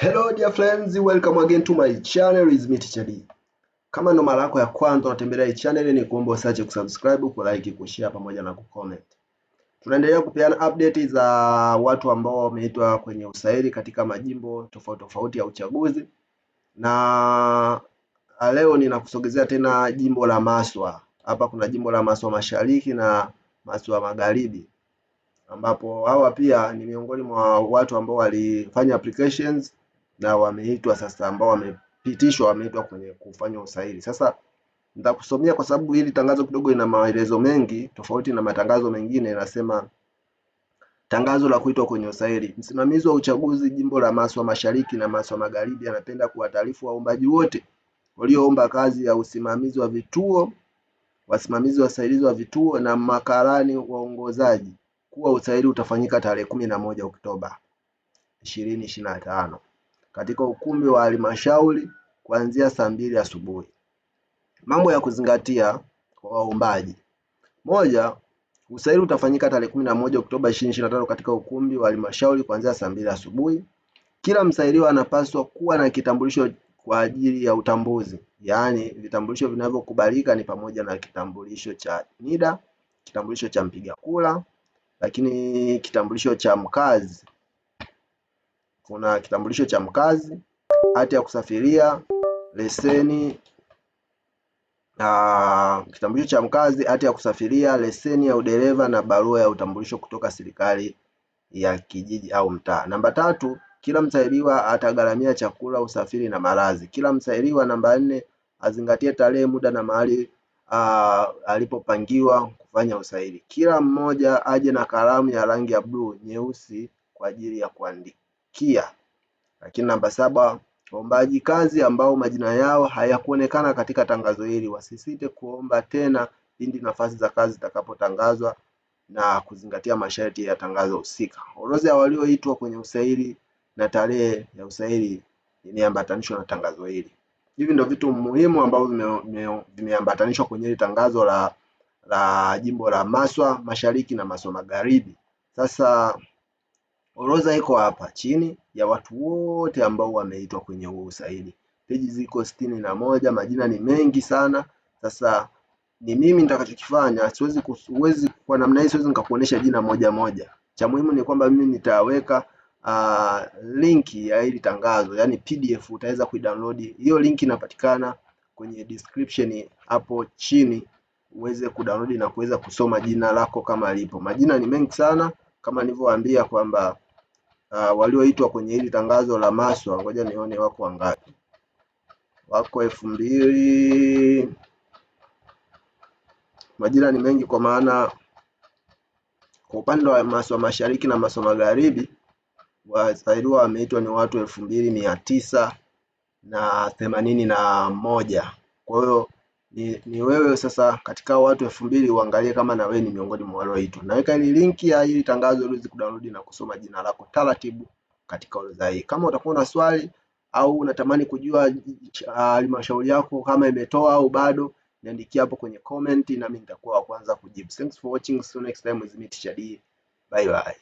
Hello dear friends, welcome again to my channel is me Teacher D. Kama ndo mara yako ya kwanza unatembelea hii channel, ni kuomba usiache kusubscribe, ku like, ku share pamoja na ku comment. Tunaendelea kupeana update za watu ambao wameitwa kwenye usaili katika majimbo tofauti tofauti ya uchaguzi, na ah, leo ninakusogezea tena jimbo la Maswa. Hapa kuna jimbo la Maswa Mashariki na Maswa Magharibi ambapo hawa pia ni miongoni mwa watu ambao walifanya applications na wameitwa sasa, ambao wamepitishwa wameitwa kwenye kufanya usaili. Sasa nitakusomea kwa sababu hili tangazo kidogo lina maelezo mengi tofauti na matangazo mengine. Inasema tangazo la kuitwa kwenye usaili. Msimamizi wa uchaguzi jimbo la Maswa Mashariki na Maswa Magharibi anapenda kuwataarifu waombaji wote walioomba kazi ya usimamizi wa vituo, wasimamizi wasaidizi wa vituo na makarani waongozaji kuwa usaili utafanyika tarehe kumi na moja Oktoba ishirini ishirini na tano katika ukumbi wa halmashauri kuanzia saa mbili asubuhi. Mambo ya kuzingatia kwa waombaji: moja, usaili utafanyika tarehe kumi na moja Oktoba ishirini na tano katika ukumbi wa halmashauri kuanzia saa mbili asubuhi. Kila msailiwa anapaswa kuwa na kitambulisho kwa ajili ya utambuzi, yaani vitambulisho vinavyokubalika ni pamoja na kitambulisho cha NIDA, kitambulisho cha mpiga kura, lakini kitambulisho cha mkazi kuna kitambulisho cha mkazi, hati ya kusafiria, leseni na kitambulisho cha mkazi, hati ya kusafiria, leseni ya udereva na barua ya utambulisho kutoka serikali ya kijiji au mtaa. Namba tatu, kila msairiwa atagharamia chakula, usafiri na malazi. Kila msairiwa namba nne, azingatie tarehe, muda na mahali uh, alipopangiwa kufanya usaili. Kila mmoja aje na kalamu ya rangi ya bluu, nyeusi kwa ajili ya kuandika. Kia. Lakini namba saba, waombaji kazi ambao majina yao hayakuonekana katika tangazo hili wasisite kuomba tena pindi nafasi za kazi zitakapotangazwa na kuzingatia masharti ya tangazo husika. Orodha ya walioitwa kwenye usaili na tarehe ya usaili imeambatanishwa na tangazo hili. Hivi ndio vitu muhimu ambavyo vimeambatanishwa kwenye hili tangazo la la jimbo la Maswa Mashariki na Maswa Magharibi. Sasa Orodha iko hapa chini ya watu wote ambao wameitwa kwenye huo usaili. Peji ziko sitini na moja, majina ni mengi sana. Sasa ni mimi nitakachokifanya, siwezi kuwezi kwa namna hii, siwezi nikakuonesha jina moja moja. Cha muhimu ni kwamba mimi nitaweka uh, ah, linki ya hili tangazo, yani PDF utaweza kuidownload. Hiyo linki inapatikana kwenye description hapo chini uweze kudownload na kuweza kusoma jina lako kama lipo. Majina ni mengi sana kama nilivyowaambia kwamba Ah, walioitwa kwenye hili tangazo la Maswa, ngoja nione wako wangapi. Wako elfu mbili. Majira ni mengi kwa maana kwa upande wa Maswa Mashariki na Maswa Magharibi wasairiwa wameitwa ni watu elfu mbili mia tisa na themanini na moja. Kwa hiyo ni, ni wewe sasa katika watu elfu mbili uangalie kama na wewe ni miongoni mwa walioitwa. Naweka ile linki ya hili tangazo ili kudownload na kusoma jina lako taratibu katika orodha hii. Kama utakuwa na swali au unatamani kujua ah, halmashauri uh, yako kama imetoa au bado, niandikie hapo kwenye comment, nami nitakuwa wa kwanza kujibu. Thanks for watching, see you next time with me Teacher D. Bye bye.